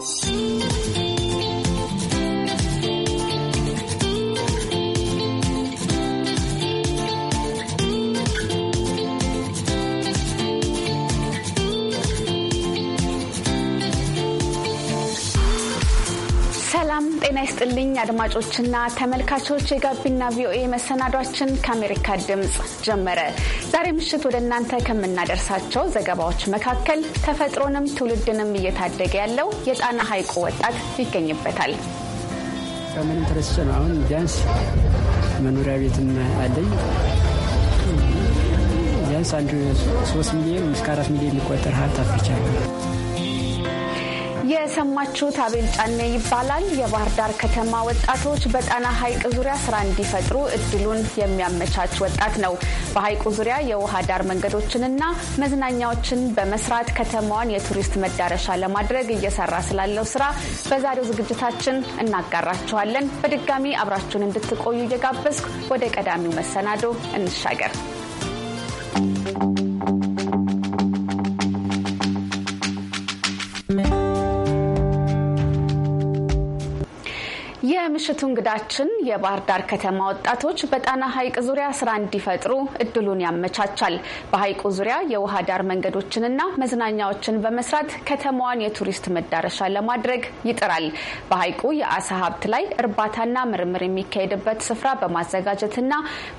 心。ይስጥልኝ አድማጮችና ተመልካቾች፣ የጋቢና ቪኦኤ መሰናዷችን ከአሜሪካ ድምፅ ጀመረ። ዛሬ ምሽት ወደ እናንተ ከምናደርሳቸው ዘገባዎች መካከል ተፈጥሮንም ትውልድንም እየታደገ ያለው የጣና ሐይቁ ወጣት ይገኝበታል። ከምንም ተረስቼ ነው። አሁን ቢያንስ መኖሪያ ቤትም አለኝ። ቢያንስ አንድ ሶስት ሚሊዮን እስከ አራት ሚሊዮን ሊቆጠር ሀብት አፍርቻለሁ። የሰማችሁት አቤል ጫኔ ይባላል። የባህር ዳር ከተማ ወጣቶች በጣና ሐይቅ ዙሪያ ስራ እንዲፈጥሩ እድሉን የሚያመቻች ወጣት ነው። በሐይቁ ዙሪያ የውሃ ዳር መንገዶችንና መዝናኛዎችን በመስራት ከተማዋን የቱሪስት መዳረሻ ለማድረግ እየሰራ ስላለው ስራ በዛሬው ዝግጅታችን እናጋራችኋለን። በድጋሚ አብራችሁን እንድትቆዩ እየጋበዝኩ ወደ ቀዳሚው መሰናዶ እንሻገር። የምሽቱ እንግዳችን የባህር ዳር ከተማ ወጣቶች በጣና ሐይቅ ዙሪያ ስራ እንዲፈጥሩ እድሉን ያመቻቻል። በሐይቁ ዙሪያ የውሃ ዳር መንገዶችንና መዝናኛዎችን በመስራት ከተማዋን የቱሪስት መዳረሻ ለማድረግ ይጥራል። በሐይቁ የአሳ ሀብት ላይ እርባታና ምርምር የሚካሄድበት ስፍራ በማዘጋጀትና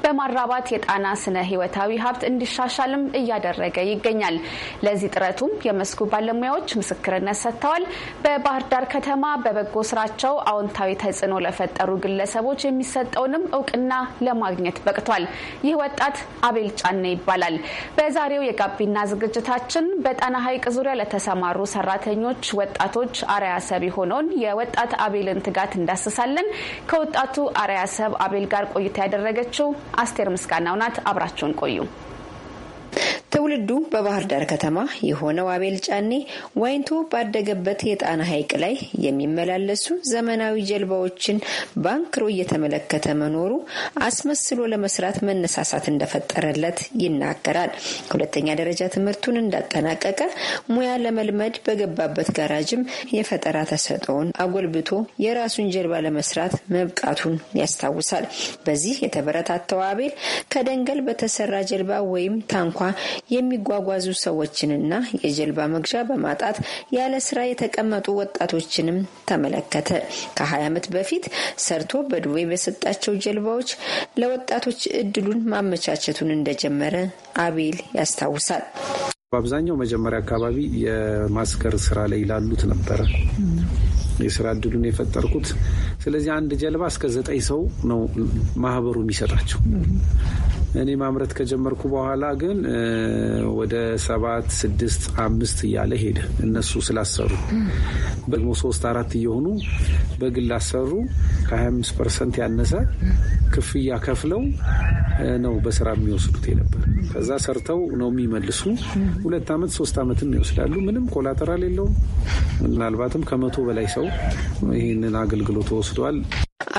በማራባት የጣና ስነ ህይወታዊ ሀብት እንዲሻሻልም እያደረገ ይገኛል። ለዚህ ጥረቱም የመስኩ ባለሙያዎች ምስክርነት ሰጥተዋል። በባህር ዳር ከተማ በበጎ ስራቸው አዎንታዊ ተጽዕኖ ለፈጠሩ ግለሰቦች የሚሰጠውንም እውቅና ለማግኘት በቅቷል። ይህ ወጣት አቤል ጫነ ይባላል። በዛሬው የጋቢና ዝግጅታችን በጣና ሐይቅ ዙሪያ ለተሰማሩ ሰራተኞች፣ ወጣቶች አርያ ሰብ የሆነውን የወጣት አቤልን ትጋት እንዳስሳለን። ከወጣቱ አርያ ሰብ አቤል ጋር ቆይታ ያደረገችው አስቴር ምስጋናው ናት። አብራችሁን ቆዩ። ትውልዱ በባህር ዳር ከተማ የሆነው አቤል ጫኔ ዋኝቶ ባደገበት የጣና ሐይቅ ላይ የሚመላለሱ ዘመናዊ ጀልባዎችን ባንክሮ እየተመለከተ መኖሩ አስመስሎ ለመስራት መነሳሳት እንደፈጠረለት ይናገራል። ሁለተኛ ደረጃ ትምህርቱን እንዳጠናቀቀ ሙያ ለመልመድ በገባበት ጋራጅም የፈጠራ ተሰጠውን አጎልብቶ የራሱን ጀልባ ለመስራት መብቃቱን ያስታውሳል። በዚህ የተበረታተው አቤል ከደንገል በተሰራ ጀልባ ወይም ታንኳ የሚጓጓዙ ሰዎችንና የጀልባ መግዣ በማጣት ያለ ስራ የተቀመጡ ወጣቶችንም ተመለከተ። ከ20 ዓመት በፊት ሰርቶ በድዌ በሰጣቸው ጀልባዎች ለወጣቶች እድሉን ማመቻቸቱን እንደጀመረ አቤል ያስታውሳል። በአብዛኛው መጀመሪያ አካባቢ የማስከር ስራ ላይ ላሉት ነበረ የስራ እድሉን የፈጠርኩት። ስለዚህ አንድ ጀልባ እስከ ዘጠኝ ሰው ነው ማህበሩ የሚሰጣቸው። እኔ ማምረት ከጀመርኩ በኋላ ግን ወደ ሰባት ስድስት አምስት እያለ ሄደ። እነሱ ስላሰሩ ደግሞ ሶስት አራት እየሆኑ በግል አሰሩ። ከ25 ፐርሰንት ያነሰ ክፍያ ከፍለው ነው በስራ የሚወስዱት የነበር። ከዛ ሰርተው ነው የሚመልሱ። ሁለት አመት ሶስት አመትም ይወስዳሉ። ምንም ኮላተራል የለውም። ምናልባትም ከመቶ በላይ ሰው ይህንን አገልግሎት ወስዷል።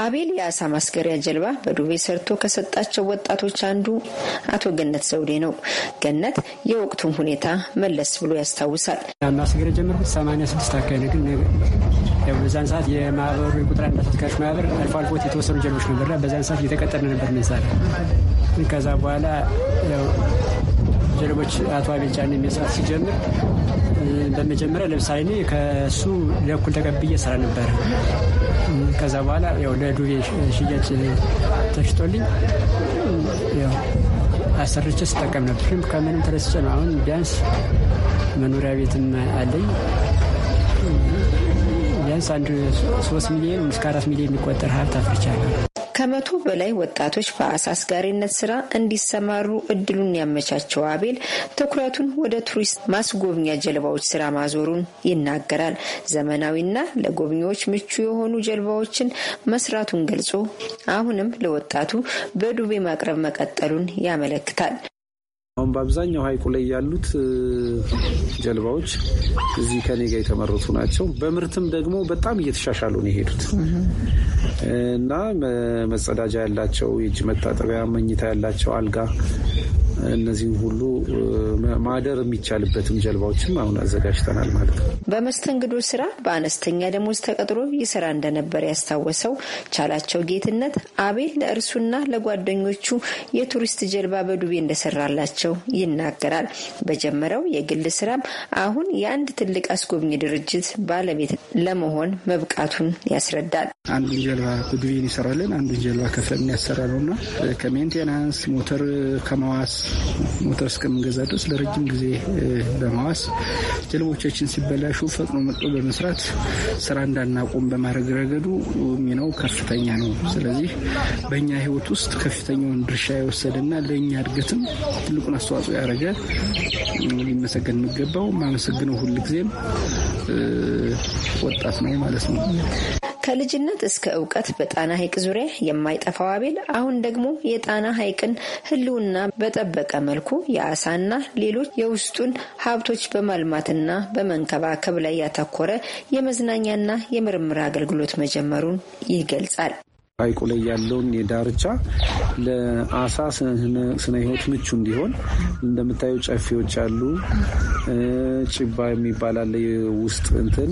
አቤል የአሳ ማስገሪያ ጀልባ በዱቤ ሰርቶ ከሰጣቸው ወጣቶች አንዱ አቶ ገነት ዘውዴ ነው። ገነት የወቅቱን ሁኔታ መለስ ብሎ ያስታውሳል። ማስገሪያ ጀመርኩት ሰማንያ ስድስት አካባቢ ግን በዛን ሰዓት የማህበሩ የቁጥር አንድ አሳስጋሪዎች ማህበር አልፎ አልፎት የተወሰኑ ጀልቦች ነበር። በዛን ሰዓት እየተቀጠርን ነበር። ከዛ በኋላ ባልደረቦች አቶ አቤል ጫን ሲጀምር በመጀመሪያ ለምሳሌ እኔ ከእሱ ለኩል ተቀብዬ ስራ ነበር። ከዛ በኋላ ያው ለዱቤ ሽያጭ ተሽጦልኝ ያው አሰርቼ ስጠቀም ነበር። ከምንም ተረስቼ ነው። አሁን ቢያንስ መኖሪያ ቤትም አለኝ። ቢያንስ አንድ ሶስት ሚሊዮን እስከ አራት ሚሊዮን የሚቆጠር ሀብት አፍርቻለሁ። ከመቶ በላይ ወጣቶች በአሳ አስጋሪነት ስራ እንዲሰማሩ እድሉን ያመቻቸው አቤል ትኩረቱን ወደ ቱሪስት ማስጎብኛ ጀልባዎች ስራ ማዞሩን ይናገራል። ዘመናዊና ለጎብኚዎች ምቹ የሆኑ ጀልባዎችን መስራቱን ገልጾ አሁንም ለወጣቱ በዱቤ ማቅረብ መቀጠሉን ያመለክታል። አሁን በአብዛኛው ሀይቁ ላይ ያሉት ጀልባዎች እዚህ ከኔ ጋር የተመረቱ ናቸው። በምርትም ደግሞ በጣም እየተሻሻሉ ነው የሄዱት እና መጸዳጃ ያላቸው፣ የእጅ መታጠቢያ፣ መኝታ ያላቸው አልጋ እነዚህም ሁሉ ማደር የሚቻልበትም ጀልባዎችም አሁን አዘጋጅተናል ማለት ነው። በመስተንግዶ ስራ በአነስተኛ ደሞዝ ተቀጥሮ ይሰራ እንደነበር ያስታወሰው ቻላቸው ጌትነት አቤል ለእርሱና ለጓደኞቹ የቱሪስት ጀልባ በዱቤ እንደሰራላቸው መሆናቸው ይናገራል። በጀመረው የግል ስራም አሁን የአንድ ትልቅ አስጎብኝ ድርጅት ባለቤት ለመሆን መብቃቱን ያስረዳል። አንዱን ጀልባ በግቢን ይሰራልን፣ አንዱን ጀልባ ከፍለን የሚያሰራ ነው እና ከሜንቴናንስ ሞተር ከማዋስ ሞተር እስከምንገዛ ድረስ ለረጅም ጊዜ በማዋስ ጀልቦቻችን ሲበላሹ ፈጥኖ መጥቶ በመስራት ስራ እንዳናቆም በማድረግ ረገዱ ሚናው ከፍተኛ ነው። ስለዚህ በእኛ ህይወት ውስጥ ከፍተኛውን ድርሻ የወሰደና ለእኛ እድገትም ትልቁን አስተዋጽኦ ያደረገ ሊመሰገን የሚገባው ማመሰግነው ጊዜም ወጣት ነው ማለት ነው። ከልጅነት እስከ እውቀት በጣና ሐይቅ ዙሪያ የማይጠፋው አቤል አሁን ደግሞ የጣና ሐይቅን ሕልውና በጠበቀ መልኩ የአሳና ሌሎች የውስጡን ሀብቶች በማልማትና በመንከባከብ ላይ ያተኮረ የመዝናኛና የምርምር አገልግሎት መጀመሩን ይገልጻል። ሐይቁ ላይ ያለውን የዳርቻ ለአሳ ስነ ህይወት ምቹ እንዲሆን እንደምታዩ ጨፌዎች አሉ። ጭባ የሚባል አለ ውስጥ እንትን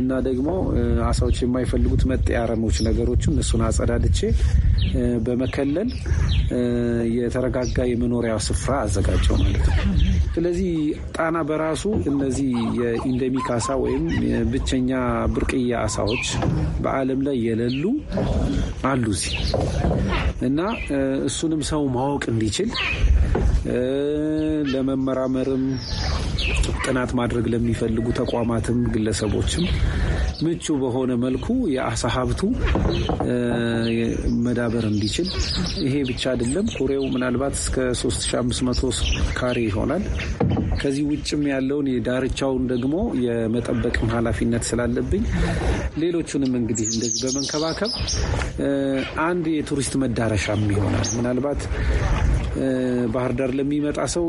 እና ደግሞ አሳዎች የማይፈልጉት መጤ አረሞች ነገሮችም እሱን አጸዳድቼ በመከለል የተረጋጋ የመኖሪያ ስፍራ አዘጋጀው ማለት ነው። ስለዚህ ጣና በራሱ እነዚህ የኢንደሚክ አሳ ወይም ብቸኛ ብርቅዬ አሳዎች በዓለም ላይ የሌሉ አሉ እዚህ እና እሱንም ሰው ማወቅ እንዲችል ለመመራመርም ጥናት ማድረግ ለሚፈልጉ ተቋማትም ግለሰቦችም ምቹ በሆነ መልኩ የአሳ ሀብቱ መዳበር እንዲችል ይሄ ብቻ አይደለም። ኩሬው ምናልባት እስከ 3500 ካሬ ይሆናል። ከዚህ ውጭም ያለውን የዳርቻውን ደግሞ የመጠበቅም ኃላፊነት ስላለብኝ ሌሎቹንም እንግዲህ እንደዚህ በመንከባከብ አንድ የቱሪስት መዳረሻም ይሆናል ምናልባት ባህር ዳር ለሚመጣ ሰው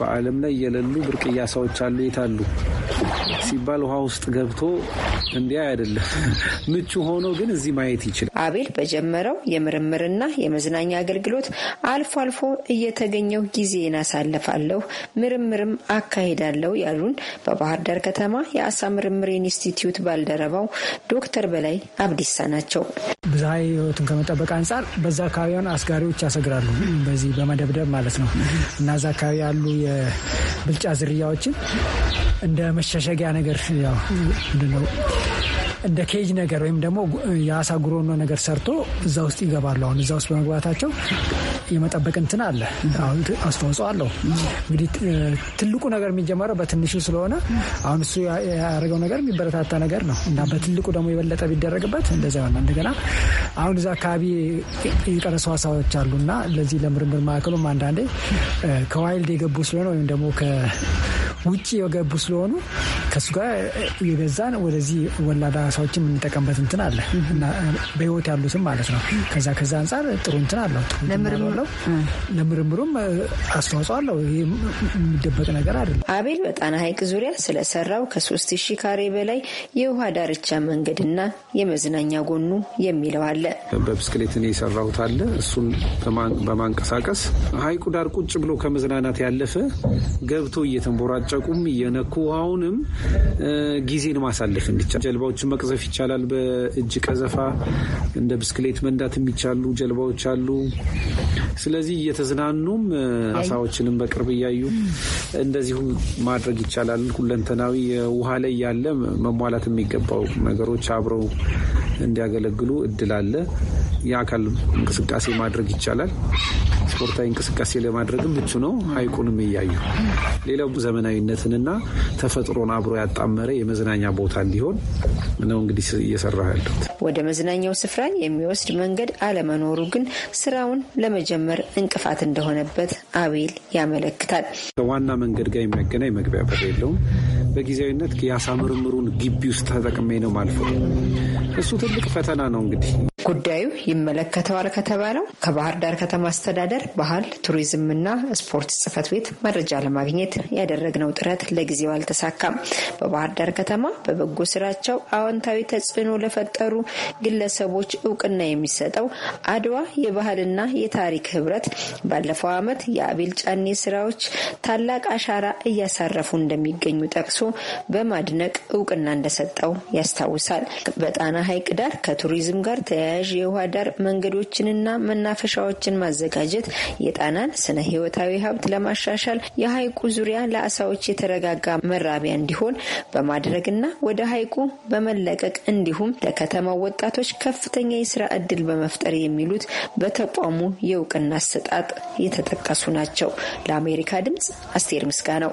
በዓለም ላይ የሌሉ ብርቅያ ሰዎች አሉ የታሉ ሲባል ውሃ ውስጥ ገብቶ እንዲያ አይደለም ምቹ ሆኖ ግን እዚህ ማየት ይችላል። አቤል በጀመረው የምርምርና የመዝናኛ አገልግሎት አልፎ አልፎ እየተገኘው ጊዜን አሳልፋለሁ፣ ምርምርም አካሄዳለሁ ያሉን በባህር ዳር ከተማ የአሳ ምርምር ኢንስቲትዩት ባልደረባው ዶክተር በላይ አብዲሳ ናቸው። ብዝሃ ህይወቱን ከመጠበቅ አንጻር በዛ አካባቢያን አስጋሪዎች ያሰግራሉ። በዚህ በመደብደብ ማለት ነው እና እዛ አካባቢ ያሉ የብልጫ ዝርያዎችን እንደ መሸሸጊያ ነገር ያው እንደ ኬጅ ነገር ወይም ደግሞ የአሳ ጉሮኖ ነገር ሰርቶ እዛ ውስጥ ይገባሉ። አሁን እዛ ውስጥ በመግባታቸው የመጠበቅ እንትን አለ አስተዋጽኦ አለው። እንግዲህ ትልቁ ነገር የሚጀመረው በትንሹ ስለሆነ አሁን እሱ ያደረገው ነገር የሚበረታታ ነገር ነው እና በትልቁ ደግሞ የበለጠ ቢደረግበት እንደዚ ሆነ። እንደገና አሁን እዛ አካባቢ የቀረሱ ሀሳቦች አሉ እና ለዚህ ለምርምር ማዕከሉም አንዳንዴ ከዋይልድ የገቡ ስለሆነ ወይም ደግሞ ውጭ የገቡ ስለሆኑ ከእሱ ጋር የገዛን ወደዚህ ወላዳ ሰዎችን የምንጠቀምበት እንትን አለ እና በህይወት ያሉትም ማለት ነው። ከዛ ከዛ አንጻር ጥሩ እንትን አለው ለምርምሩም አስተዋጽኦ አለው። ይህ የሚደበቅ ነገር አይደለም። አቤል በጣና ሐይቅ ዙሪያ ስለሰራው ከሶስት ሺህ ካሬ በላይ የውሃ ዳርቻ መንገድና የመዝናኛ ጎኑ የሚለው አለ። በብስክሌት እኔ የሰራሁት አለ። እሱን በማንቀሳቀስ ሐይቁ ዳር ቁጭ ብሎ ከመዝናናት ያለፈ ገብቶ እየተንቦራ እየቦጨቁም እየነኩ አሁንም ጊዜን ማሳለፍ እንዲቻል ጀልባዎችን መቅዘፍ ይቻላል። በእጅ ቀዘፋ እንደ ብስክሌት መንዳት የሚቻሉ ጀልባዎች አሉ። ስለዚህ እየተዝናኑም አሳዎችንም በቅርብ እያዩ እንደዚሁ ማድረግ ይቻላል። ሁለንተናዊ ውሃ ላይ ያለ መሟላት የሚገባው ነገሮች አብረው እንዲያገለግሉ እድል አለ። የአካል እንቅስቃሴ ማድረግ ይቻላል። ስፖርታዊ እንቅስቃሴ ለማድረግም ምቹ ነው። ሀይቁንም እያዩ ሌላው ዘመናዊ ዘመናዊነትንና ተፈጥሮን አብሮ ያጣመረ የመዝናኛ ቦታ እንዲሆን ነው እንግዲህ እየሰራ ያለው። ወደ መዝናኛው ስፍራ የሚወስድ መንገድ አለመኖሩ ግን ስራውን ለመጀመር እንቅፋት እንደሆነበት አቤል ያመለክታል። ከዋና መንገድ ጋር የሚያገናኝ መግቢያ በር የለውም። በጊዜያዊነት የአሳ ምርምሩን ግቢ ውስጥ ተጠቅሜ ነው ማልፈው። እሱ ትልቅ ፈተና ነው እንግዲህ ጉዳዩ ይመለከተዋል ከተባለው ከባህር ዳር ከተማ አስተዳደር ባህል ቱሪዝምና ስፖርት ጽፈት ቤት መረጃ ለማግኘት ያደረግነው ጥረት ለጊዜው አልተሳካም። በባህር ዳር ከተማ በበጎ ስራቸው አዎንታዊ ተጽዕኖ ለፈጠሩ ግለሰቦች እውቅና የሚሰጠው አድዋ የባህልና የታሪክ ህብረት ባለፈው ዓመት የአቤል ጫኔ ስራዎች ታላቅ አሻራ እያሳረፉ እንደሚገኙ ጠቅሶ በማድነቅ እውቅና እንደሰጠው ያስታውሳል። በጣና ሐይቅ ዳር ከቱሪዝም ጋር ተያያዥ ተያያዥ የውሃ ዳር መንገዶችንና መናፈሻዎችን ማዘጋጀት የጣናን ስነ ህይወታዊ ሀብት ለማሻሻል የሀይቁ ዙሪያ ለአሳዎች የተረጋጋ መራቢያ እንዲሆን በማድረግና ወደ ሀይቁ በመለቀቅ እንዲሁም ለከተማው ወጣቶች ከፍተኛ የስራ እድል በመፍጠር የሚሉት በተቋሙ የእውቅና አሰጣጥ የተጠቀሱ ናቸው። ለአሜሪካ ድምጽ አስቴር ምስጋ ነው።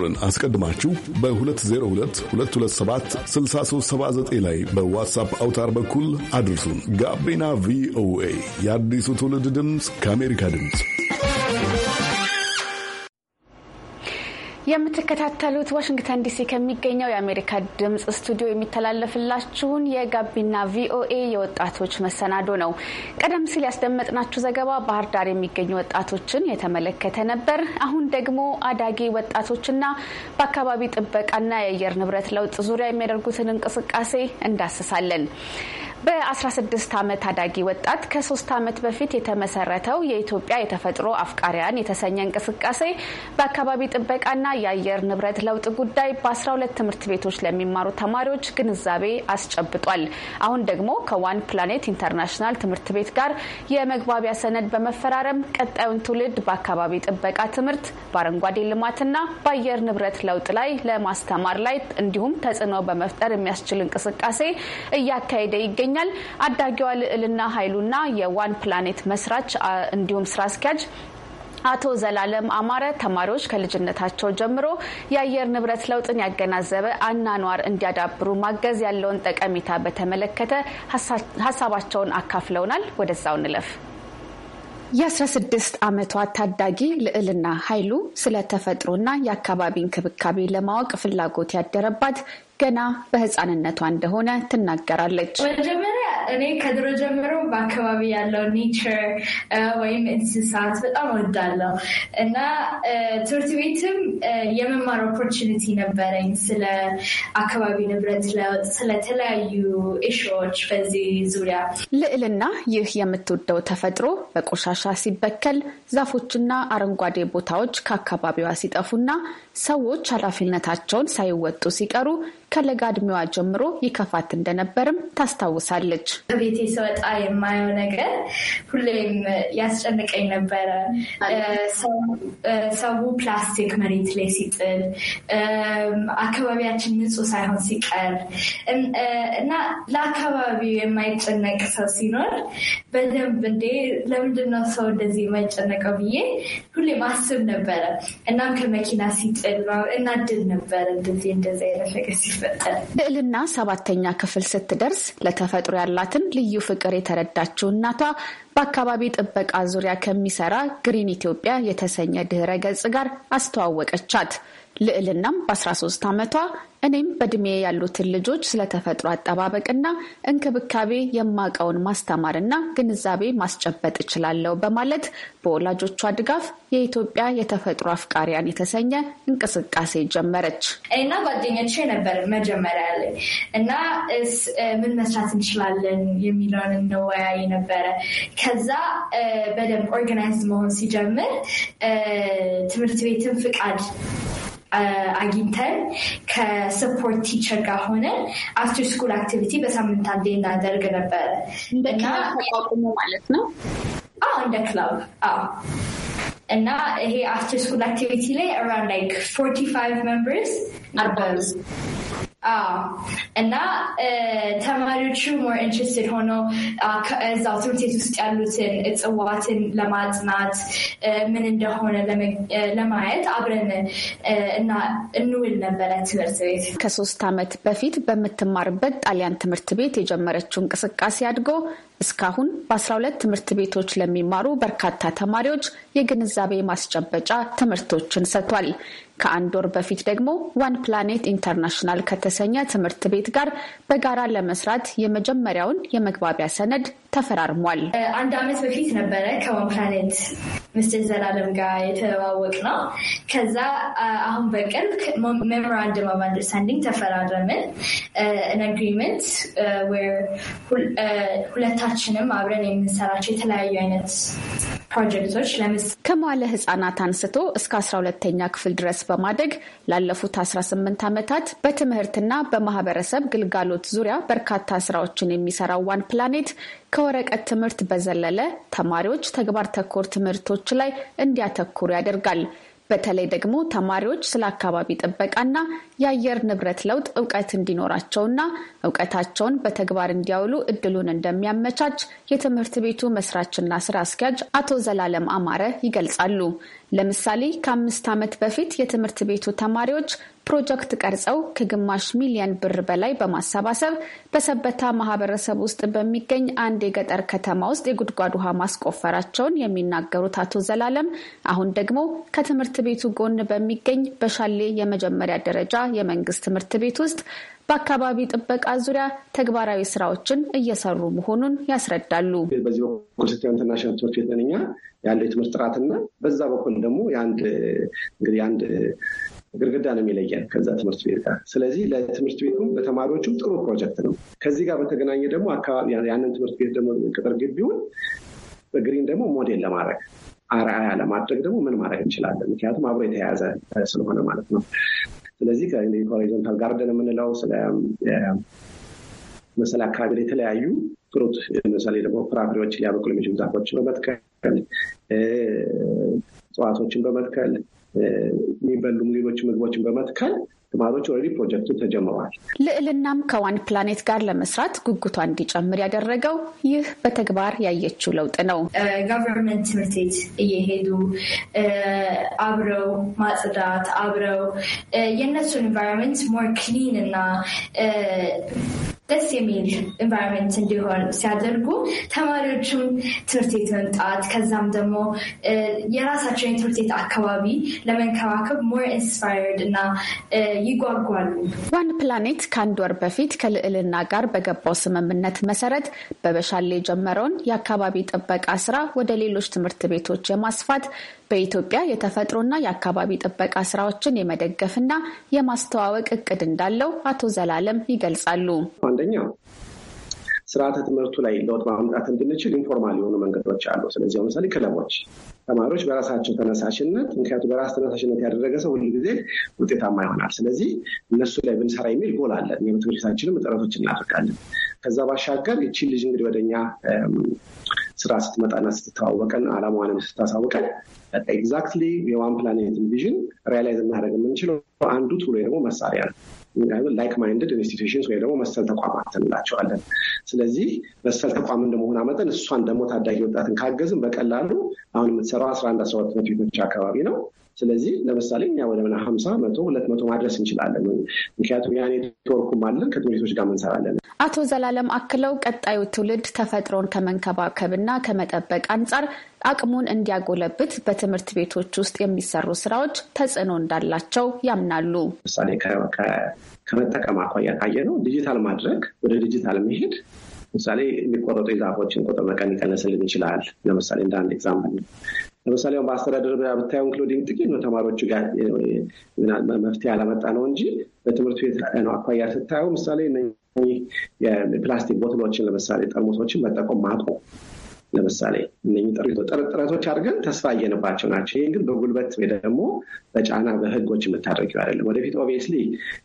ቁጥርን አስቀድማችሁ በ 6379 ላይ በዋትሳፕ አውታር በኩል አድርሱን። ጋቢና ቪኦኤ የአዲሱ ትውልድ ድምፅ ከአሜሪካ ድምፅ የምትከታተሉት ዋሽንግተን ዲሲ ከሚገኘው የአሜሪካ ድምጽ ስቱዲዮ የሚተላለፍላችሁን የጋቢና ቪኦኤ የወጣቶች መሰናዶ ነው። ቀደም ሲል ያስደመጥናችሁ ዘገባ ባህር ዳር የሚገኙ ወጣቶችን የተመለከተ ነበር። አሁን ደግሞ አዳጊ ወጣቶችና በአካባቢ ጥበቃና የአየር ንብረት ለውጥ ዙሪያ የሚያደርጉትን እንቅስቃሴ እንዳስሳለን። በ16 ዓመት ታዳጊ ወጣት ከ3 ዓመት በፊት የተመሰረተው የኢትዮጵያ የተፈጥሮ አፍቃሪያን የተሰኘ እንቅስቃሴ በአካባቢ ጥበቃና የአየር ንብረት ለውጥ ጉዳይ በ12 ትምህርት ቤቶች ለሚማሩ ተማሪዎች ግንዛቤ አስጨብጧል። አሁን ደግሞ ከዋን ፕላኔት ኢንተርናሽናል ትምህርት ቤት ጋር የመግባቢያ ሰነድ በመፈራረም ቀጣዩን ትውልድ በአካባቢ ጥበቃ ትምህርት፣ በአረንጓዴ ልማትና በአየር ንብረት ለውጥ ላይ ለማስተማር ላይ እንዲሁም ተጽዕኖ በመፍጠር የሚያስችል እንቅስቃሴ እያካሄደ ይገኛል። ይገኛል። አዳጊዋ ልዕልና ኃይሉና የዋን ፕላኔት መስራች እንዲሁም ስራ አስኪያጅ አቶ ዘላለም አማረ ተማሪዎች ከልጅነታቸው ጀምሮ የአየር ንብረት ለውጥን ያገናዘበ አናኗር እንዲያዳብሩ ማገዝ ያለውን ጠቀሜታ በተመለከተ ሀሳባቸውን አካፍለውናል። ወደዛው እንለፍ። የ16 ዓመቷ ታዳጊ ልዕልና ኃይሉ ስለ ተፈጥሮና የአካባቢ እንክብካቤ ለማወቅ ፍላጎት ያደረባት ገና በህፃንነቷ እንደሆነ ትናገራለች። መጀመሪያ እኔ ከድሮ ጀምሮ በአካባቢ ያለው ኔቸር ወይም እንስሳት በጣም ወዳለው እና ትምህርት ቤትም የመማር ኦፖርቹኒቲ ነበረኝ ስለ አካባቢ ንብረት ለውጥ፣ ስለተለያዩ እሾዎች በዚህ ዙሪያ ልዕልና ይህ የምትወደው ተፈጥሮ በቆሻሻ ሲበከል ዛፎችና አረንጓዴ ቦታዎች ከአካባቢዋ ሲጠፉና ሰዎች ኃላፊነታቸውን ሳይወጡ ሲቀሩ ከለጋ እድሜዋ ጀምሮ ይከፋት እንደነበርም ታስታውሳለች። ቤቴ ስወጣ የማየው ነገር ሁሌም ያስጨንቀኝ ነበረ። ሰው ፕላስቲክ መሬት ላይ ሲጥል፣ አካባቢያችን ንጹህ ሳይሆን ሲቀር እና ለአካባቢው የማይጨነቅ ሰው ሲኖር በደንብ እንዴ ለምንድነው ሰው እንደዚህ የማይጨነቀው ብዬ ሁሌም አስብ ነበረ። እናም ከመኪና ሲጥል እቅድ እናድል ነበር እንደዚህ እንደዚህ አይነት ነገር ሲፈጠር። ልዕልና ሰባተኛ ክፍል ስትደርስ ለተፈጥሮ ያላትን ልዩ ፍቅር የተረዳችው እናቷ በአካባቢ ጥበቃ ዙሪያ ከሚሰራ ግሪን ኢትዮጵያ የተሰኘ ድህረ ገጽ ጋር አስተዋወቀቻት። ልዕልናም በ13 ዓመቷ እኔም በእድሜ ያሉትን ልጆች ስለተፈጥሮ አጠባበቅና እንክብካቤ የማቀውን ማስተማርና ግንዛቤ ማስጨበጥ እችላለሁ በማለት በወላጆቿ ድጋፍ የኢትዮጵያ የተፈጥሮ አፍቃሪያን የተሰኘ እንቅስቃሴ ጀመረች። እና ጓደኞቼ ነበር መጀመሪያ ያለ እና ምን መስራት እንችላለን የሚለውን እንወያይ ነበረ። ከዛ በደንብ ኦርጋናይዝ መሆን ሲጀምር ትምህርት ቤትን ፍቃድ አግኝተን ከስፖርት ቲቸር ጋር ሆነን አፍተር ስኩል አክቲቪቲ በሳምንት አንዴ እናደርግ ነበረ። እንደ ክላብ ተቋቁሞ ማለት ነው? አዎ እንደ ክላብ አዎ። እና ይሄ አፍተር ስኩል አክቲቪቲ ላይ አራውንድ ላይክ ፎርቲ ፋይቭ ሜምበርስ ነበሩ። እና ተማሪዎቹ ሞር ኢንትረስትድ ሆነው እዛው ትምህርት ቤት ውስጥ ያሉትን እጽዋትን ለማጥናት ምን እንደሆነ ለማየት አብረን እና እንውል ነበረ ትምህርት ቤት። ከሶስት ዓመት በፊት በምትማርበት ጣሊያን ትምህርት ቤት የጀመረችው እንቅስቃሴ አድጎ እስካሁን በ12 ትምህርት ቤቶች ለሚማሩ በርካታ ተማሪዎች የግንዛቤ ማስጨበጫ ትምህርቶችን ሰጥቷል። ከአንድ ወር በፊት ደግሞ ዋን ፕላኔት ኢንተርናሽናል ከተሰኘ ትምህርት ቤት ጋር በጋራ ለመስራት የመጀመሪያውን የመግባቢያ ሰነድ ተፈራርሟል። አንድ ዓመት በፊት ነበረ ከዋን ፕላኔት ምስትር ዘላለም ጋር የተዋወቅ ነው። ከዛ አሁን በቅርብ ሜሞራንድም ኦፍ አንደርስታንዲንግ ተፈራረምን። አግሪመንት uh, uh, ሁለታ ሁላችንም አብረን የምንሰራቸው የተለያዩ አይነት ፕሮጀክቶች ከመዋለ ህጻናት አንስቶ እስከ 12ተኛ ክፍል ድረስ በማደግ ላለፉት 18 ዓመታት በትምህርትና በማህበረሰብ ግልጋሎት ዙሪያ በርካታ ስራዎችን የሚሰራው ዋን ፕላኔት ከወረቀት ትምህርት በዘለለ ተማሪዎች ተግባር ተኮር ትምህርቶች ላይ እንዲያተኩሩ ያደርጋል። በተለይ ደግሞ ተማሪዎች ስለ አካባቢ ጥበቃና የአየር ንብረት ለውጥ እውቀት እንዲኖራቸውና እውቀታቸውን በተግባር እንዲያውሉ እድሉን እንደሚያመቻች የትምህርት ቤቱ መስራችና ስራ አስኪያጅ አቶ ዘላለም አማረ ይገልጻሉ። ለምሳሌ ከአምስት ዓመት በፊት የትምህርት ቤቱ ተማሪዎች ፕሮጀክት ቀርጸው ከግማሽ ሚሊየን ብር በላይ በማሰባሰብ በሰበታ ማህበረሰብ ውስጥ በሚገኝ አንድ የገጠር ከተማ ውስጥ የጉድጓድ ውሃ ማስቆፈራቸውን የሚናገሩት አቶ ዘላለም አሁን ደግሞ ከትምህርት ቤቱ ጎን በሚገኝ በሻሌ የመጀመሪያ ደረጃ የመንግስት ትምህርት ቤት ውስጥ በአካባቢ ጥበቃ ዙሪያ ተግባራዊ ስራዎችን እየሰሩ መሆኑን ያስረዳሉ። በዚህ በኩል ስትሆን ኢንተርናሽናል ትምህርት ቤት ነን እኛ ያለው የትምህርት ጥራትና በዛ በኩል ደግሞ የአንድ እንግዲህ ግድግዳ ነው የሚለየን ከዛ ትምህርት ቤት ጋር። ስለዚህ ለትምህርት ቤቱም ለተማሪዎቹም ጥሩ ፕሮጀክት ነው። ከዚህ ጋር በተገናኘ ደግሞ አካባቢ ያንን ትምህርት ቤት ደግሞ ቅጥር ግቢውን በግሪን ደግሞ ሞዴል ለማድረግ አርአያ ለማድረግ ደግሞ ምን ማድረግ እንችላለን? ምክንያቱም አብሮ የተያያዘ ስለሆነ ማለት ነው። ስለዚህ ከሆሪዞንታል ጋርደን የምንለው ስለ መሰል አካባቢ ላይ የተለያዩ ፍሩት ለምሳሌ ደግሞ ፍራፍሬዎች ሊያበቅሉ የሚችሉ ዛፎች በመትከል እጽዋቶችን በመትከል የሚበሉም ሌሎች ምግቦችን በመትከል ተማሪዎች ኦልሬዲ ፕሮጀክቱ ተጀምረዋል። ልዕልናም ከዋን ፕላኔት ጋር ለመስራት ጉጉቷ እንዲጨምር ያደረገው ይህ በተግባር ያየችው ለውጥ ነው። ጋቨርንመንት ትምህርት ቤት እየሄዱ አብረው ማጽዳት፣ አብረው የእነሱን ኢንቫይሮንመንት ሞር ክሊን እና ደስ የሚል ኢንቫይሮንመንት እንዲሆን ሲያደርጉ ተማሪዎችም ትምህርት ቤት መምጣት ከዛም ደግሞ የራሳቸውን የትምህርት ቤት አካባቢ ለመንከባከብ ሞር ኢንስፓየርድ እና ይጓጓሉ። ዋን ፕላኔት ከአንድ ወር በፊት ከልዕልና ጋር በገባው ስምምነት መሰረት በበሻሌ የጀመረውን የአካባቢ ጥበቃ ስራ ወደ ሌሎች ትምህርት ቤቶች የማስፋት በኢትዮጵያ የተፈጥሮና የአካባቢ ጥበቃ ስራዎችን የመደገፍና የማስተዋወቅ እቅድ እንዳለው አቶ ዘላለም ይገልጻሉ። አንደኛው ስርዓተ ትምህርቱ ላይ ለውጥ ማምጣት እንድንችል ኢንፎርማል የሆኑ መንገዶች አሉ። ስለዚህ ለምሳሌ ክለቦች፣ ተማሪዎች በራሳቸው ተነሳሽነት ምክንያቱ በራስ ተነሳሽነት ያደረገ ሰው ሁሉ ጊዜ ውጤታማ ይሆናል። ስለዚህ እነሱ ላይ ብንሰራ የሚል ጎል አለን። የምትምህርታችንም ጥረቶች እናደርጋለን። ከዛ ባሻገር ይቺ ልጅ እንግዲህ ወደኛ ስራ ስትመጣና ስትተዋወቀን አላማዋንም ስታሳውቀን በቃ ኤግዛክትሊ የዋን ፕላኔትን ቪዥን ሪያላይዝ እናደርግ የምንችለው አንዱ ቱሎ ደግሞ መሳሪያ ነው። ላይክ ማይንድድ ኢንስቲቱሽንስ ወይ ደግሞ መሰል ተቋማት እንላቸዋለን። ስለዚህ መሰል ተቋም እንደመሆን መጠን እሷን ደግሞ ታዳጊ ወጣትን ካገዝን በቀላሉ አሁን የምትሰራው አስራ አንድ አስራ ሁለት ቤቶች አካባቢ ነው ስለዚህ ለምሳሌ እኛ ወደ ምና ሀምሳ መቶ ሁለት መቶ ማድረስ እንችላለን። ምክንያቱም ያ ኔትወርኩም አለን ከትምህርት ቤቶች ጋር እንሰራለን። አቶ ዘላለም አክለው ቀጣዩ ትውልድ ተፈጥሮን ከመንከባከብና ከመጠበቅ አንጻር አቅሙን እንዲያጎለብት በትምህርት ቤቶች ውስጥ የሚሰሩ ስራዎች ተጽዕኖ እንዳላቸው ያምናሉ። ምሳሌ ከመጠቀም አኳያ ካየ ነው ዲጂታል ማድረግ ወደ ዲጂታል መሄድ ምሳሌ የሚቆረጡ የዛፎችን ቁጥር መቀነስልን ይችላል። ለምሳሌ እንደ አንድ ኤግዛምፕል ለምሳሌ አሁን በአስተዳደር ብታየው ኢንክሉዲንግ ጥቂት ነው ተማሪዎቹ ጋር መፍትሄ አላመጣ ነው እንጂ በትምህርት ቤት ነው አኳያ ስታየው ምሳሌ የፕላስቲክ ቦትሎችን ለምሳሌ ጠርሙሶችን መጠቆም ማቆም ለምሳሌ እነኝህ ጥረቶች አድርገን ተስፋ እየንባቸው ናቸው። ይህ ግን በጉልበት ወይ ደግሞ በጫና በህጎች የምታደርጊው አይደለም። ወደፊት ኦብቪየስሊ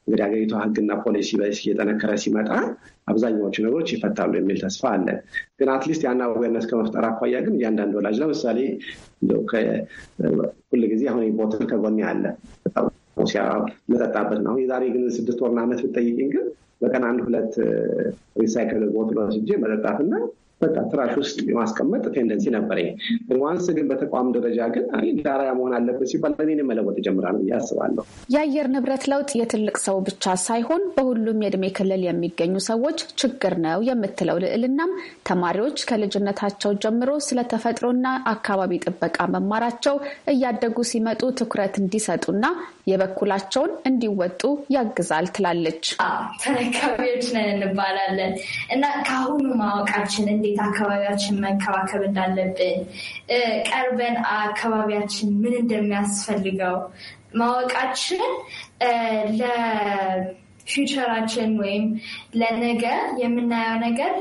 እንግዲህ ሀገሪቷ ህግና ፖሊሲ እየጠነከረ ሲመጣ አብዛኛዎቹ ነገሮች ይፈታሉ የሚል ተስፋ አለ። ግን አትሊስት ያን አዌርነስ ከመፍጠር አኳያ ግን እያንዳንድ ወላጅ ለምሳሌ ጊዜ አሁን ቦትል ከጎኔ አለ መጠጣበት ነው። አሁን የዛሬ ግን ስድስት ወርና ዓመት ብጠይቅኝ ግን በቀን አንድ ሁለት ሪሳይክል ቦትሎች እጄ መጠጣትና በቃ ትራሽ ውስጥ የማስቀመጥ ቴንደንሲ ነበር። ዋንስ ግን በተቋም ደረጃ ግን ዳራያ መሆን አለበት ሲባል እኔን መለወጥ ጀምራል ብዬ አስባለሁ። የአየር ንብረት ለውጥ የትልቅ ሰው ብቻ ሳይሆን በሁሉም የእድሜ ክልል የሚገኙ ሰዎች ችግር ነው የምትለው ልዕልናም ተማሪዎች ከልጅነታቸው ጀምሮ ስለ ተፈጥሮና አካባቢ ጥበቃ መማራቸው እያደጉ ሲመጡ ትኩረት እንዲሰጡና የበኩላቸውን እንዲወጡ ያግዛል ትላለች። ተረካቢዎች ነን እንባላለን እና ከአሁኑ ማወቃችን እንዴት አካባቢያችን መንከባከብ እንዳለብን ቀርበን አካባቢያችን ምን እንደሚያስፈልገው ማወቃችን ለፊውቸራችን ወይም ለነገ የምናየው ነገር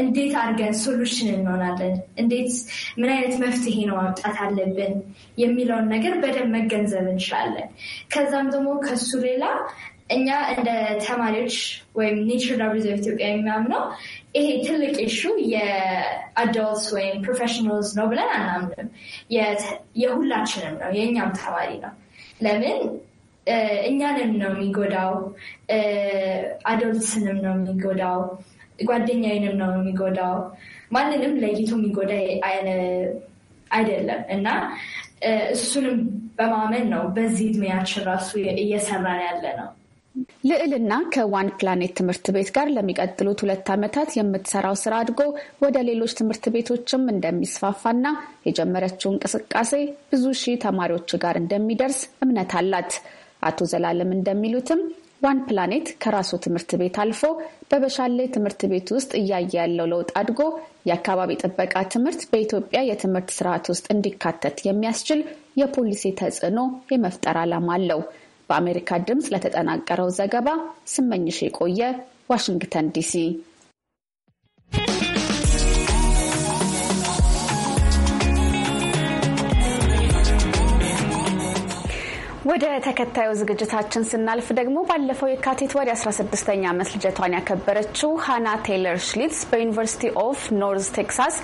እንዴት አድርገን ሶሉሽን እንሆናለን፣ እንዴት ምን አይነት መፍትሄ ነው ማምጣት አለብን የሚለውን ነገር በደንብ መገንዘብ እንችላለን። ከዛም ደግሞ ከሱ ሌላ እኛ እንደ ተማሪዎች ወይም ኔቸር ዳብ ሪዘርቭ ኢትዮጵያ የሚያምነው ይሄ ትልቅ ኢሹ የአዶልትስ ወይም ፕሮፌሽናልስ ነው ብለን አናምንም። የሁላችንም ነው፣ የእኛም ተማሪ ነው። ለምን እኛንም ነው የሚጎዳው፣ አዶልትስንም ነው የሚጎዳው ጓደኛዬንም ነው የሚጎዳው። ማንንም ለይቶ የሚጎዳ አይደለም እና እሱንም በማመን ነው በዚህ እድሜያችን ራሱ እየሰራን ያለ ነው። ልዕልና ከዋን ፕላኔት ትምህርት ቤት ጋር ለሚቀጥሉት ሁለት ዓመታት የምትሰራው ስራ አድጎ ወደ ሌሎች ትምህርት ቤቶችም እንደሚስፋፋና የጀመረችው እንቅስቃሴ ብዙ ሺህ ተማሪዎች ጋር እንደሚደርስ እምነት አላት። አቶ ዘላለም እንደሚሉትም ዋን ፕላኔት ከራሱ ትምህርት ቤት አልፎ በበሻሌ ትምህርት ቤት ውስጥ እያየ ያለው ለውጥ አድጎ የአካባቢ ጥበቃ ትምህርት በኢትዮጵያ የትምህርት ስርዓት ውስጥ እንዲካተት የሚያስችል የፖሊሲ ተጽዕኖ የመፍጠር ዓላማ አለው። በአሜሪካ ድምፅ ለተጠናቀረው ዘገባ ስመኝሽ የቆየ ዋሽንግተን ዲሲ። ወደ ተከታዩ ዝግጅታችን ስናልፍ ደግሞ ባለፈው የካቲት ወር 16 ኛ ዓመት ልጀቷን ያከበረችው ሃና ቴይለር ሽሊትስ በዩኒቨርሲቲ ኦፍ ኖርዝ ቴክሳስ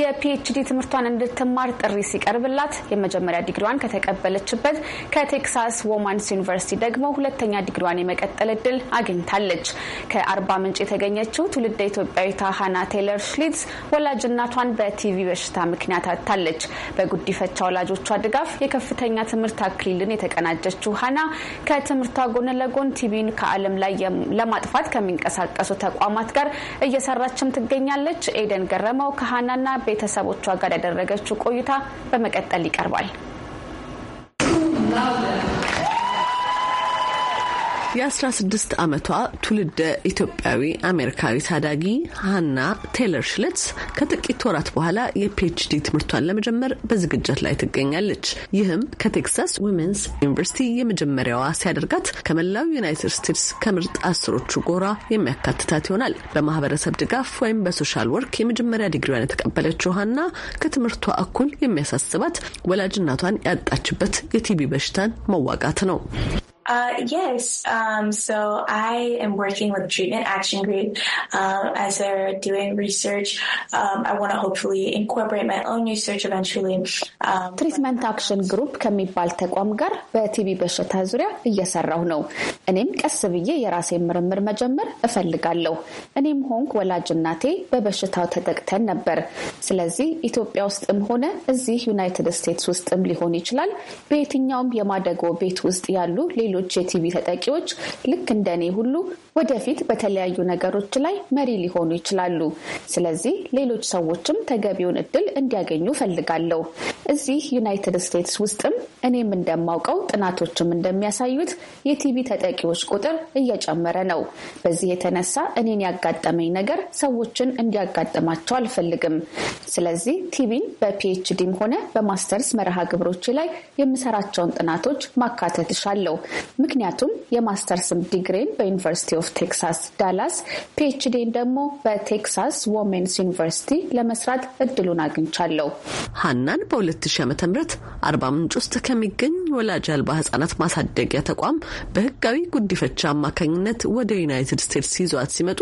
የፒኤችዲ ትምህርቷን እንድትማር ጥሪ ሲቀርብላት የመጀመሪያ ዲግሪዋን ከተቀበለችበት ከቴክሳስ ወማንስ ዩኒቨርሲቲ ደግሞ ሁለተኛ ዲግሪዋን የመቀጠል እድል አግኝታለች። ከአርባ ምንጭ የተገኘችው ትውልደ ኢትዮጵያዊቷ ሃና ቴይለር ሽሊትስ ወላጅናቷን በቲቪ በሽታ ምክንያት አታለች። በጉዲፈቻ ወላጆቿ ድጋፍ የከፍተኛ ትምህርት አክሊልን የተቀና ያቀናጀችው ሀና ከትምህርቷ ጎን ለጎን ቲቪን ከዓለም ላይ ለማጥፋት ከሚንቀሳቀሱ ተቋማት ጋር እየሰራችም ትገኛለች። ኤደን ገረመው ከሀናና ቤተሰቦቿ ጋር ያደረገችው ቆይታ በመቀጠል ይቀርባል። የ16 ዓመቷ ትውልደ ኢትዮጵያዊ አሜሪካዊ ታዳጊ ሃና ቴይለር ሽልትስ ከጥቂት ወራት በኋላ የፒኤችዲ ትምህርቷን ለመጀመር በዝግጅት ላይ ትገኛለች። ይህም ከቴክሳስ ዊሜንስ ዩኒቨርሲቲ የመጀመሪያዋ ሲያደርጋት ከመላው ዩናይትድ ስቴትስ ከምርጥ አስሮቹ ጎራ የሚያካትታት ይሆናል። በማህበረሰብ ድጋፍ ወይም በሶሻል ወርክ የመጀመሪያ ዲግሪዋን የተቀበለችው ሃና ከትምህርቷ እኩል የሚያሳስባት ወላጅናቷን ያጣችበት የቲቢ በሽታን መዋጋት ነው። Uh, yes. Um, so I am working with Treatment Action Group. Um, as they're doing research, um, I want to hopefully incorporate my own research eventually. ትሪትመንት አክሽን ግሩፕ ከሚባል ተቋም ጋር በቲቢ በሽታ ዙሪያ እየሰራሁ ነው። እኔም ቀስ ብዬ የራሴን ምርምር መጀመር እፈልጋለሁ። እኔም ሆንክ ወላጅ እናቴ በበሽታው ተጠቅተን ነበር። ስለዚህ ኢትዮጵያ ውስጥም ሆነ እዚህ ዩናይትድ ስቴትስ ውስጥም ሊሆን ይችላል በየትኛውም የማደጎ ቤት ውስጥ ያሉ ሌሎች ሌሎች የቲቪ ተጠቂዎች ልክ እንደኔ ሁሉ ወደፊት በተለያዩ ነገሮች ላይ መሪ ሊሆኑ ይችላሉ። ስለዚህ ሌሎች ሰዎችም ተገቢውን እድል እንዲያገኙ ፈልጋለሁ። እዚህ ዩናይትድ ስቴትስ ውስጥም እኔም እንደማውቀው ጥናቶችም እንደሚያሳዩት የቲቪ ተጠቂዎች ቁጥር እየጨመረ ነው። በዚህ የተነሳ እኔን ያጋጠመኝ ነገር ሰዎችን እንዲያጋጥማቸው አልፈልግም። ስለዚህ ቲቪን በፒኤችዲም ሆነ በማስተርስ መርሃ ግብሮች ላይ የምሰራቸውን ጥናቶች ማካተት እሻለሁ። ምክንያቱም የማስተርስም ዲግሪን በዩኒቨርሲቲ ኦፍ ቴክሳስ ዳላስ፣ ፒኤችዲን ደግሞ በቴክሳስ ወሜንስ ዩኒቨርሲቲ ለመስራት እድሉን አግኝቻለሁ። ሀናን በ2000 ዓ.ም አርባ ምንጭ ውስጥ ከሚገኝ ወላጅ አልባ ህጻናት ማሳደጊያ ተቋም በህጋዊ ጉዲፈቻ አማካኝነት ወደ ዩናይትድ ስቴትስ ይዟት ሲመጡ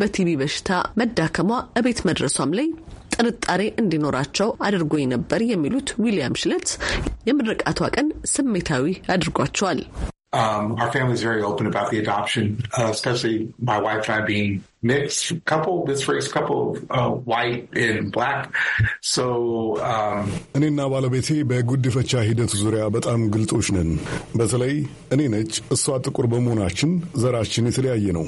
በቲቢ በሽታ መዳከሟ እቤት መድረሷም ላይ ጥርጣሬ እንዲኖራቸው አድርጎኝ ነበር የሚሉት ዊሊያም ሽለት የምርቃቷ ቀን ስሜታዊ አድርጓቸዋል። um, our family's very open about the adoption, uh, especially my wife and I being mixed couple, this race couple, uh, white and black. So, um, እኔና ባለቤቴ በጉድፈቻ ሂደት ዙሪያ በጣም ግልጦች ነን። በተለይ እኔ ነጭ፣ እሷ ጥቁር በመሆናችን ዘራችን የተለያየ ነው።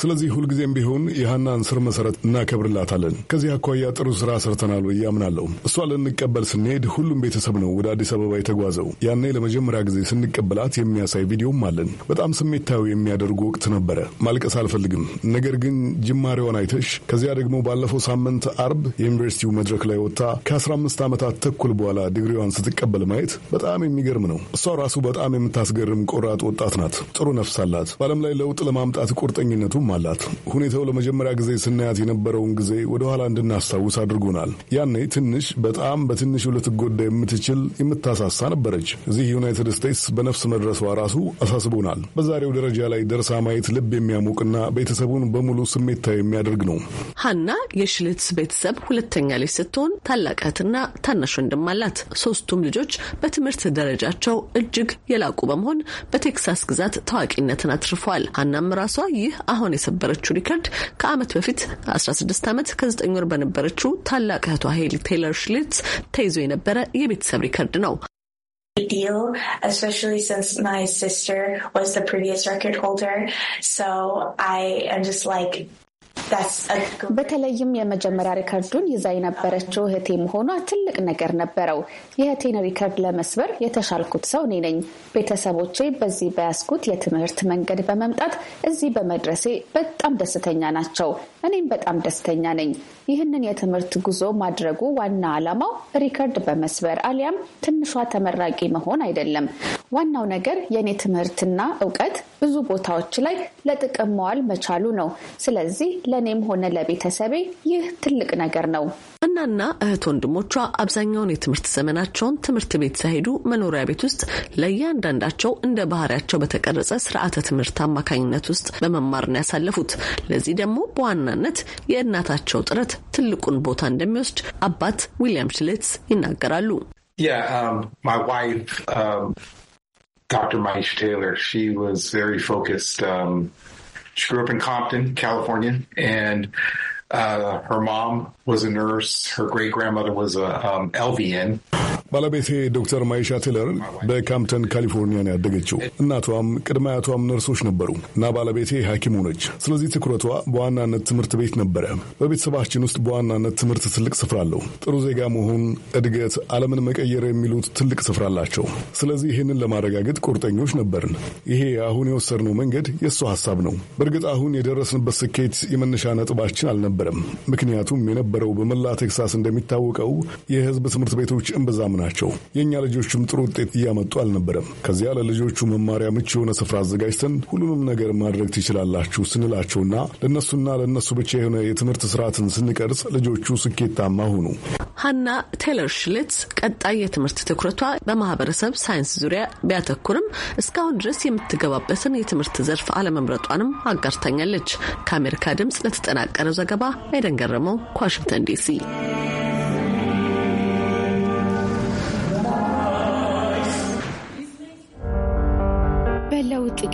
ስለዚህ ሁልጊዜም ቢሆን የሀናን ስር መሰረት እናከብርላታለን። ከዚህ አኳያ ጥሩ ስራ ሰርተናል ብዬ አምናለሁ። እሷ ልንቀበል ስንሄድ ሁሉም ቤተሰብ ነው ወደ አዲስ አበባ የተጓዘው። ያኔ ለመጀመሪያ ጊዜ ስንቀበላት የሚያሳይ ቪዲዮም አለን። በጣም ስሜታዊ የሚያደርጉ ወቅት ነበረ። ማልቀስ አልፈልግም፣ ነገር ግን ጅማሬዋን አይተሽ ከዚያ ደግሞ ባለፈው ሳምንት አርብ የዩኒቨርሲቲው መድረክ ላይ ወጥታ ከ15 ዓመታት ተኩል በኋላ ዲግሪዋን ስትቀበል ማየት በጣም የሚገርም ነው። እሷ ራሱ በጣም የምታስገርም ቆራጥ ወጣት ናት። ጥሩ ነፍስ አላት። በዓለም ላይ ለውጥ ለማምጣት ቁርጠኝነቱም አላት። ሁኔታው ለመጀመሪያ ጊዜ ስናያት የነበረውን ጊዜ ወደኋላ እንድናስታውስ አድርጎናል። ያኔ ትንሽ በጣም በትንሹ ልትጎዳ የምትችል የምታሳሳ ነበረች። እዚህ ዩናይትድ ስቴትስ በነፍስ መድረሷ ራሱ አሳስቦናል። በዛሬው ደረጃ ላይ ደርሳ ማየት ልብ የሚያሞቅና ቤተሰቡን በሙሉ ስሜት የሚያደርግ ነው። ሀና የሽልትስ ቤተሰብ ሁለተኛ ልጅ ስትሆን ታላቅ እህትና ታናሽ ወንድም አላት። ሶስቱም ልጆች በትምህርት ደረጃቸው እጅግ የላቁ በመሆን በቴክሳስ ግዛት ታዋቂነትን አትርፈዋል። ሀናም ራሷ ይህ አሁን የሰበረችው ሪከርድ ከዓመት በፊት 16 ዓመት ከ9 ወር በነበረችው ታላቅ እህቷ ሄሊ ቴይለር ሽልትስ ተይዞ የነበረ የቤተሰብ ሪከርድ ነው። deal, especially since my sister was the previous record holder. So I am just like በተለይም የመጀመሪያ ሪከርዱን ይዛ የነበረችው እህቴ መሆኗ ትልቅ ነገር ነበረው። የእህቴን ሪከርድ ለመስበር የተሻልኩት ሰው እኔ ነኝ። ቤተሰቦቼ በዚህ በያዝኩት የትምህርት መንገድ በመምጣት እዚህ በመድረሴ በጣም ደስተኛ ናቸው። እኔም በጣም ደስተኛ ነኝ። ይህንን የትምህርት ጉዞ ማድረጉ ዋና ዓላማው ሪከርድ በመስበር አሊያም ትንሿ ተመራቂ መሆን አይደለም። ዋናው ነገር የእኔ ትምህርትና እውቀት ብዙ ቦታዎች ላይ ለጥቅም መዋል መቻሉ ነው። ስለዚህ ለእኔም ሆነ ለቤተሰቤ ይህ ትልቅ ነገር ነው። እናና እህት ወንድሞቿ አብዛኛውን የትምህርት ዘመናቸውን ትምህርት ቤት ሳይሄዱ መኖሪያ ቤት ውስጥ ለእያንዳንዳቸው እንደ ባህሪያቸው በተቀረጸ ስርዓተ ትምህርት አማካኝነት ውስጥ በመማር ነው ያሳለፉት። ለዚህ ደግሞ በዋናነት የእናታቸው ጥረት ትልቁን ቦታ እንደሚወስድ አባት ዊሊያም ሽሌትስ ይናገራሉ። ዶክተር ማይሽ ፎከስድ She grew up in Compton, California, and uh, her mom was a nurse. Her great grandmother was a um, LVN, ባለቤቴ ዶክተር ማይሻ ቴለር በካምፕተን ካሊፎርኒያ ነው ያደገችው። እናቷም ቅድመ አያቷም ነርሶች ነበሩ እና ባለቤቴ ሐኪም ሆነች። ስለዚህ ትኩረቷ በዋናነት ትምህርት ቤት ነበረ። በቤተሰባችን ውስጥ በዋናነት ትምህርት ትልቅ ስፍራ አለው። ጥሩ ዜጋ መሆን፣ እድገት፣ ዓለምን መቀየር የሚሉት ትልቅ ስፍራ አላቸው። ስለዚህ ይህንን ለማረጋገጥ ቁርጠኞች ነበርን። ይሄ አሁን የወሰድነው መንገድ የእሱ ሀሳብ ነው። በእርግጥ አሁን የደረስንበት ስኬት የመነሻ ነጥባችን አልነበረም። ምክንያቱም የነበረው በመላ ቴክሳስ እንደሚታወቀው የህዝብ ትምህርት ቤቶች እምብዛም ናቸው። የእኛ ልጆችም ጥሩ ውጤት እያመጡ አልነበረም። ከዚያ ለልጆቹ መማሪያ ምቹ የሆነ ስፍራ አዘጋጅተን ሁሉንም ነገር ማድረግ ትችላላችሁ ስንላቸውና ለእነሱና ለእነሱ ብቻ የሆነ የትምህርት ስርዓትን ስንቀርጽ ልጆቹ ስኬታማ ሆኑ። ሀና ቴለር ሽልትስ ቀጣይ የትምህርት ትኩረቷ በማህበረሰብ ሳይንስ ዙሪያ ቢያተኩርም እስካሁን ድረስ የምትገባበትን የትምህርት ዘርፍ አለመምረጧንም አጋርታኛለች። ከአሜሪካ ድምፅ ለተጠናቀረው ዘገባ አይደን ገረመው ከዋሽንግተን ዲሲ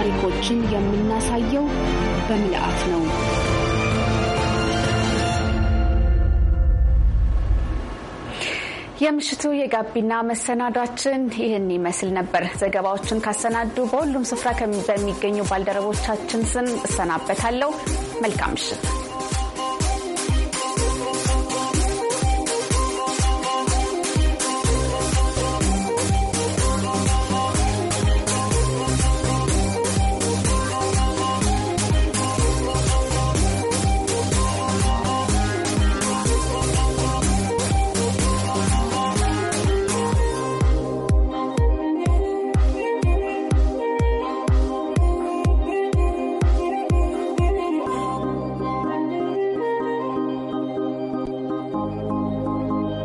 ታሪኮችን የምናሳየው በምልአት ነው። የምሽቱ የጋቢና መሰናዷችን ይህን ይመስል ነበር። ዘገባዎችን ካሰናዱ በሁሉም ስፍራ በሚገኙ ባልደረቦቻችን ስም እሰናበታለሁ። መልካም ምሽት።